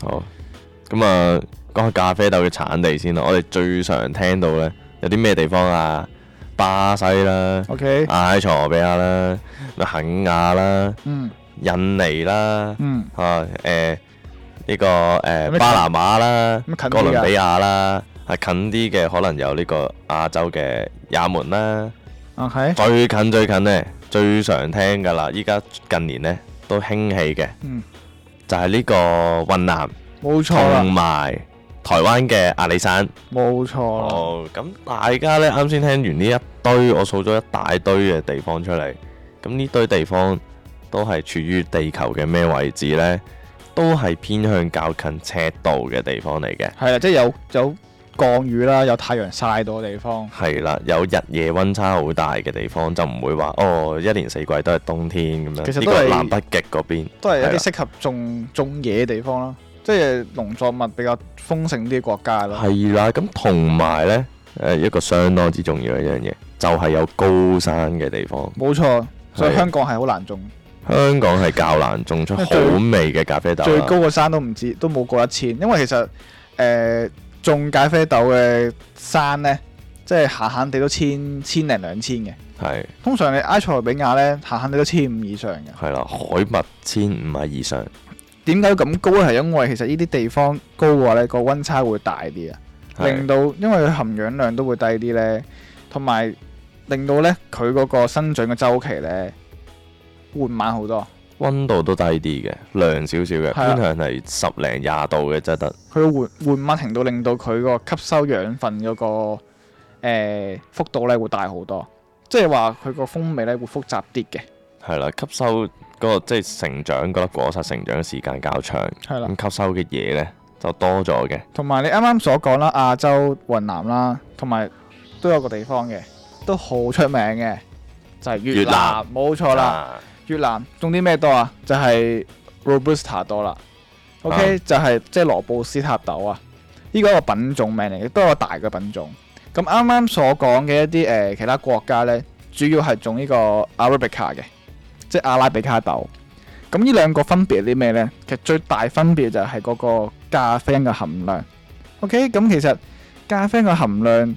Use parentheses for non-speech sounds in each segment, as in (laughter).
好，咁、嗯、啊，講下咖啡豆嘅產地先啦。我哋最常聽到咧，有啲咩地方啊？巴西啦，OK，啊，埃塞俄比亞啦，肯亞啦，嗯，印尼啦，嗯，啊，誒、呃，呢、這個誒、呃、什麼 巴拿馬啦，哥倫比亞啦，係近啲嘅，可能有呢個亞洲嘅也門啦 Okay. 最近最近呢，最常聽㗎喇，依家近年呢，都興起嘅，嗯。就係呢個雲南，冇錯啦。同埋台灣嘅阿里山，冇錯啦。哦，咁大家呢，啱先聽完呢一堆，我數咗一大堆嘅地方出嚟。咁呢堆地方都係處於地球嘅咩位置呢？都係偏向較近赤道嘅地方嚟嘅。係啊，即係有有，有降雨啦，有太陽曬到嘅地方，係啦，有日夜溫差好大嘅地方，就唔會話哦，一年四季都係冬天咁樣。其實都係南北極嗰邊，都係一啲適合種種嘢嘅地方啦，的即係農作物比較豐盛啲嘅國家啦。係啦，咁同埋呢，誒一個相當之重要嘅一樣嘢，就係、是、有高山嘅地方。冇錯，所以香港係好難種。香港係較難種出好味嘅咖啡豆。最，最高嘅山都唔知，都冇過一千，因為其實誒。呃種咖啡豆嘅山呢，即係下閒地都千千零兩千嘅。係的通常你埃塞俄比亞呢，下閒地都千五以上嘅。係啦，海拔千五米以上。點解咁高咧？係因為其實呢啲地方高嘅話呢個溫差會大啲啊，令到的因為佢含氧量都會低啲呢。同埋令到呢，佢嗰個生長嘅周期呢，緩慢好多。溫度都低啲嘅，涼少少嘅，的偏向係十零廿度嘅，即得。佢換換物停到令到佢個吸收養分嗰、那個、欸、幅度咧會大好多，即係話佢個風味咧會複雜啲嘅。係啦，吸收嗰、那個即係、就是、成長個果實成長嘅時間較長，啦的，咁吸收嘅嘢咧就多咗嘅。同埋你啱啱所講啦，亞洲雲南啦，同埋都有個地方嘅，都好出名嘅，就係、是、越南，冇南錯啦。啊。越南種啲咩多啊？就係、是、Robusta 多啦。OK，、uh. 就係即係羅布斯塔豆啊。呢、這個、個品種名嚟嘅，都係個大嘅品種。咁啱啱所講嘅一啲誒、呃、其他國家呢，主要係種呢個 Arabica 嘅，即係阿拉比卡豆。咁呢兩個分別啲咩呢？其實最大分別就係嗰個咖啡因嘅含量。OK，咁其實咖啡因嘅含量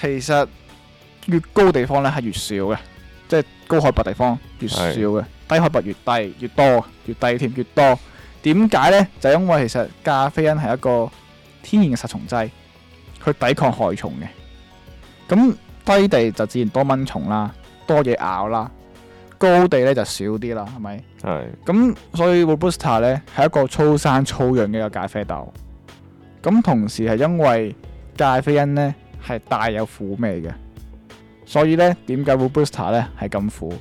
其實越高地方咧係越少嘅。即係高海拔地方越少嘅，的低海拔越低越多，越低添越多。點解呢？就因為其實咖啡因係一個天然嘅殺蟲劑，去抵抗害蟲嘅。咁低地就自然多蚊蟲啦，多嘢咬啦。高地咧就少啲啦，係咪？係的。咁所以 Robusta 咧係一個粗生粗養嘅一個咖啡豆。咁同時係因為咖啡因呢係帶有苦味嘅。所以咧，點解 Robusta 咧係咁苦？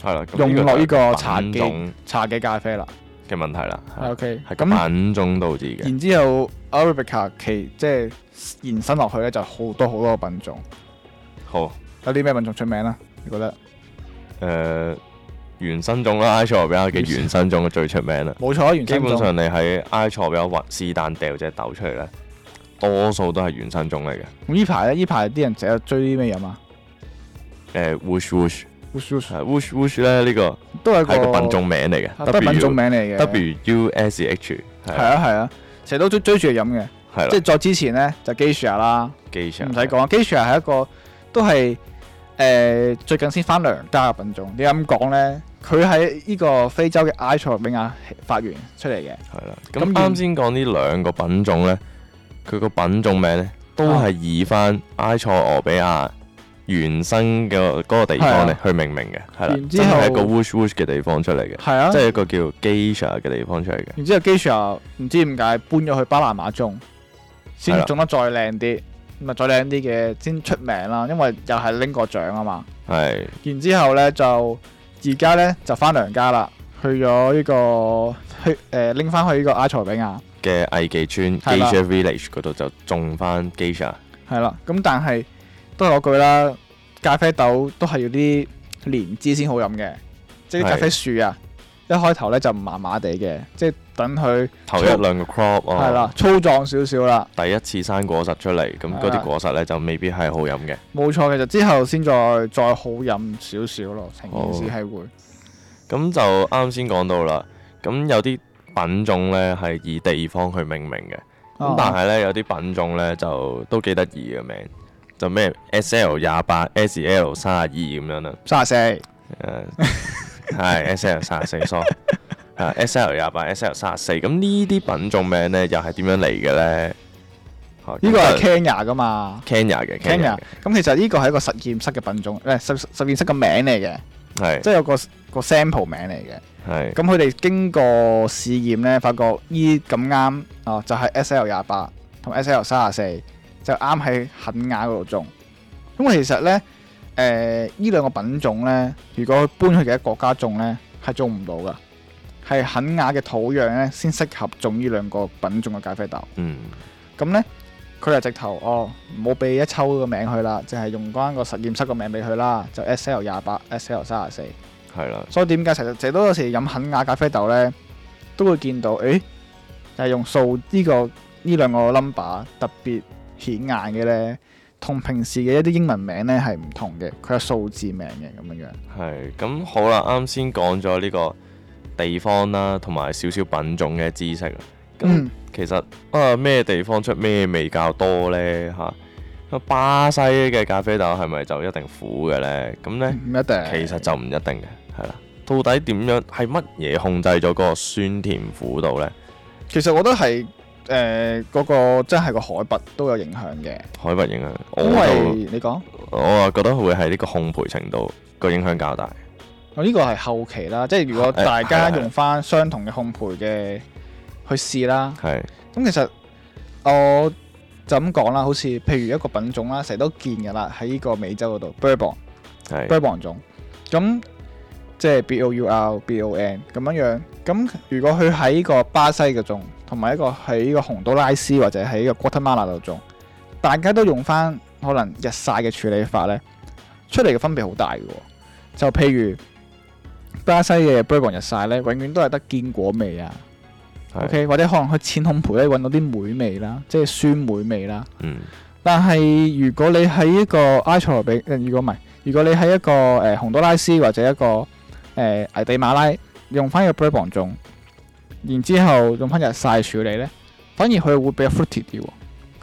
係啦、嗯，嗯、用落呢個茶嘅茶機咖啡啦嘅問題啦。O K，咁品種導致嘅。然之後 Arabica 其即係延伸落去咧，就好多好多個品種。好有啲咩品種出名咧、啊？你覺得？誒、呃、原生種啦，埃塞比亞嘅原生種最出名啦。冇錯、啊，原基本上你喺埃塞比亞或是但掉隻豆出嚟咧，多數都係原生種嚟嘅。咁依排咧，呢排啲人成日追啲咩飲啊？誒，Wush Wush，Wush w u s h 咧呢、這個都係一,一個品種名嚟嘅，都係品種名嚟嘅，W U S H 係啊，係啊，成日都追追住去飲嘅，係啦，即係再之前咧就 Geisha 啦，Geisha 唔使講，Geisha 係一個都係誒最近先翻娘家嘅品種，你咁講咧，佢喺呢個非洲嘅埃塞俄比亞發源出嚟嘅，係啦、啊，咁啱先講呢兩個品種咧，佢個品種名咧都係移翻埃塞俄比亞。原生嘅嗰個地方咧，對吧 去命名嘅，係啦後，真係一個 Wish Wish 嘅地方出嚟嘅，係啊，即係一個叫 Geisha 嘅地方出嚟嘅。然之後 Geisha 唔知點解搬咗去巴拿馬種，先種得再靚啲，咪對吧 再靚啲嘅先出名啦，因為又係拎個獎啊嘛。係對吧。然之後咧就而家咧就翻娘家啦，去咗呢個去誒拎翻去呢個埃塞比亞嘅藝妓村對吧 Geisha Village 嗰度就種翻 Geisha。係啦，咁但係。都係嗰句啦，咖啡豆都係要啲年資先好飲嘅，即係啲咖啡樹啊，一開頭呢就麻麻地嘅，即係等佢頭一兩個 crop 係、哦、啦，粗壯少少啦。第一次生果實出嚟，咁嗰啲果實呢了就未必係好飲嘅。冇錯，嘅，就之後先再再好飲少少咯，成件事係會。咁、哦、就啱先講到啦，咁有啲品種呢係以地方去命名嘅，咁、哦、但係呢，有啲品種呢就都幾得意嘅名。就咩 SL 廿八、SL 三十二咁樣啦，三十四，誒係 SL 三十四，sorry，SL 廿八、SL 三十四，咁呢啲品種名咧又係點樣嚟嘅咧？呢個係 Kenya 噶嘛，Kenya 嘅 Kenya，咁其實呢個係一個實驗室嘅品種，唔係實實驗室嘅名嚟嘅，係即係有個個 sample 名嚟嘅，係咁佢哋經過試驗咧，發覺咦咁啱，哦、uh, 就係 SL 廿八同 SL 三十四。就啱喺肯雅嗰度種，咁其實呢，誒呢兩個品種呢，如果搬去其他國家種呢，係種唔到噶，係肯雅嘅土壤呢，先適合種呢兩個品種嘅咖啡豆。嗯。咁呢，佢係直頭哦，唔好俾一抽個名佢啦，就係、是、用關個實驗室個名俾佢啦，就 S L 廿八、S L 三十四。係啦。所以點解成日成都有時飲肯雅咖啡豆呢，都會見到誒，就係、是、用數呢、這個呢兩個 number 特別，顯眼嘅咧，同平時嘅一啲英文名咧係唔同嘅，佢有數字名嘅咁樣。係，咁好啦，啱先講咗呢個地方啦，同埋少少品種嘅知識啦咁、嗯、其實啊，咩地方出咩味較多呢？嚇、啊，巴西嘅咖啡豆係咪就一定苦嘅呢？咁呢，唔一定。其實就唔一定嘅，係啦。到底點樣係乜嘢控制咗嗰個酸甜苦度呢？其實我覺得係。誒嗰，呃那個即係個海拔都有影響嘅。海拔影響，因為你講說，我啊覺得會係呢個烘焙程度個影響較大。呢，哦這個係後期啦，即係如果大家用翻相同嘅烘焙嘅去試啦，係，哎。咁，哎哎哎，其實我就咁講啦，好似譬如一個品種啦，成日都見㗎啦，喺呢個美洲嗰度 Bourbon 係 Bourbon 種咁。即係 B O U L B O N 咁樣樣。咁、嗯、如果佢喺依個巴西嘅種，同埋一個喺依個洪都拉斯或者喺依個 Guatemala 度種，大家都用翻可能日曬嘅處理法咧，出嚟嘅分別好大嘅、哦。就譬如巴西嘅 Bourbon 日曬咧，永遠都係得堅果味啊。O K，或者可能佢淺烘焙咧，揾到啲梅味啦，即係酸梅味啦。嗯、mm。Hmm. 但係如果你喺一個埃塞俄比，如果唔係，如果你喺一個誒洪都拉斯或者一個。誒，危、呃、地馬拉用翻個 Bourbon 種，然之後用翻日曬處理咧，反而佢會比較 fruity 啲喎。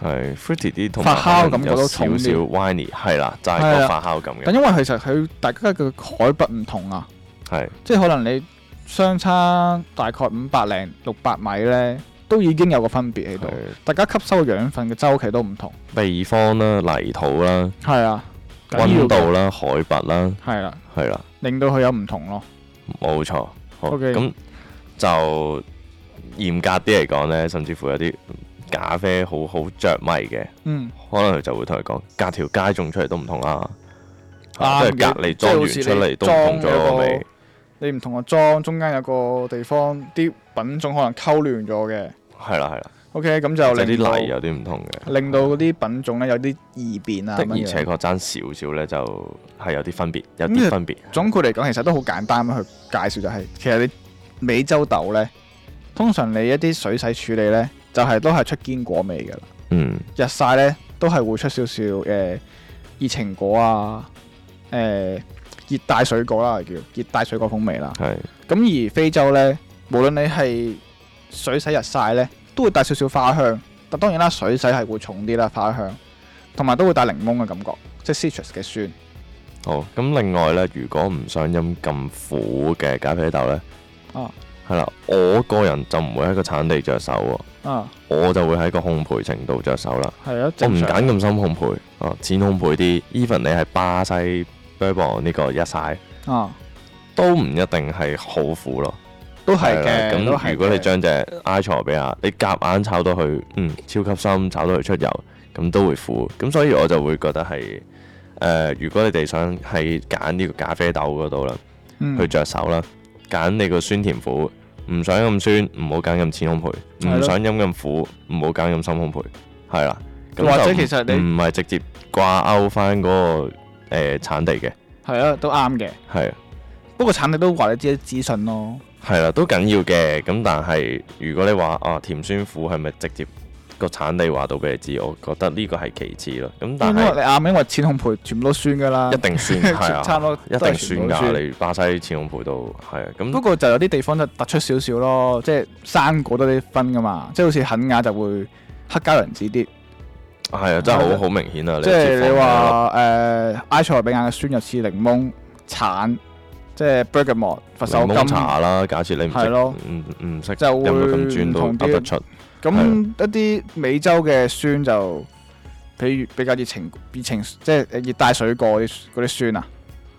係 fruity 啲同發酵感覺都重少少，winey 係啦的，就係個發酵感嘅。但因為其實佢大家嘅海拔唔同啊，係的即係可能你相差大概五百零六百米咧，都已經有個分別喺度。的大家吸收嘅養分嘅周期都唔同。地方啦、啊，泥土啦，係啊，溫度啦、啊，海拔啦，係啦，係啦。令到佢有唔同咯，冇錯。咁 Okay. 就嚴格啲嚟講呢，甚至乎有啲咖啡好好着迷嘅，嗯、可能佢就會同你講，隔條街種出嚟都唔同啦，即係、啊、隔離莊園你出嚟都唔同咗個味。你唔同個莊，中間有個地方啲品種可能溝亂咗嘅，係啦係啦。O.K. 咁就你啲泥有啲唔同嘅，令到嗰啲品種咧有啲異變啊。的、的、的而且確爭少少咧，就係有啲分別，有啲分別。總括嚟講，其實都好簡單去介紹，就是，就係其實你美洲豆咧，通常你一啲水洗處理咧，就係、是、都係出堅果味噶啦。嗯，日曬咧都係會出少少誒熱情果啊，誒、呃、熱帶水果啦、啊、叫、呃、熱帶水果、啊、熱帶水果風味啦。係的。咁而非洲咧，無論你係水洗日曬咧，都會帶少少花香，但當然啦，水洗係會重啲啦，花香，同埋都會帶檸檬嘅感覺，即係 citrus 嘅酸。好，咁另外呢，如果唔想飲咁苦嘅咖啡豆呢？啊，係啦，我個人就唔會喺個產地着手喎，啊，啊我就會喺個烘焙程度着手啦，係啊，啊我唔揀咁深烘焙，啊，淺烘焙啲，even 你係巴西 Bourbon 呢個一晒，啊，都唔一定係好苦咯。都係嘅，咁如果你將隻埃塞俄比亞，你夾硬，硬炒到去，嗯，超級深炒到去出油，咁都會苦，咁所以我就會覺得係，誒、呃，如果你哋想係揀呢個咖啡豆嗰度啦，嗯、去着手啦，揀你個酸甜苦，唔想咁酸，唔好揀咁淺烘焙，唔想飲咁苦，唔好揀咁深烘焙。係啦。或者其實你唔係直接掛鈎翻嗰個誒、呃、產地嘅。係啊，都啱嘅。係啊，不過產地都話你自己資訊咯。係啦，都緊要嘅。咁但係如果你話啊甜酸苦係咪直接個產地話到俾你知，我覺得呢個係其次咯。咁但係你亞美利加淺紅焙全部都酸噶啦，一定酸係、嗯、差唔多一定 (laughs) 酸噶。例、啊、但 巴西淺紅焙都係咁。不過就有啲地方就突出少少咯，即係生果多啲分噶嘛。即係好似肯亞就會黑加侖子啲。係的啊，真係好好明顯啊！即係你話誒埃塞俄比亞嘅酸又似檸檬橙。即係 bergamot 佛手柑啦，假設你唔識，唔唔識，嗯、就會唔同得出。咁一啲美洲嘅酸就，比如比較熱情，熱情即係熱帶水果嗰啲酸啊，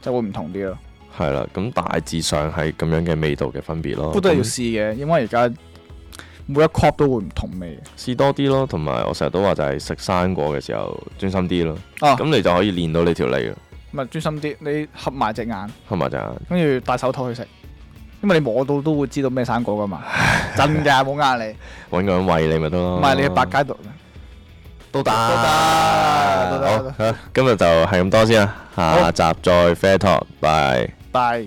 就會唔同啲咯。係啦，咁大致上係咁樣嘅味道嘅分別咯。都係要試嘅，嗯、因為而家每一 crop 都會唔同味。試多啲咯，同埋我成日都話就係食生果嘅時候專心啲咯。啊，咁你就可以練到你條脷咪專心啲，你合埋隻眼，合埋隻眼，跟住戴手套去食，因為你摸到都會知道咩生果㗎嘛，真㗎，冇呃你，搵個人餵你咪得咯，唔係你去百佳度，都得，都得，好，今日就係咁多先啦，下集再 fair talk，拜拜。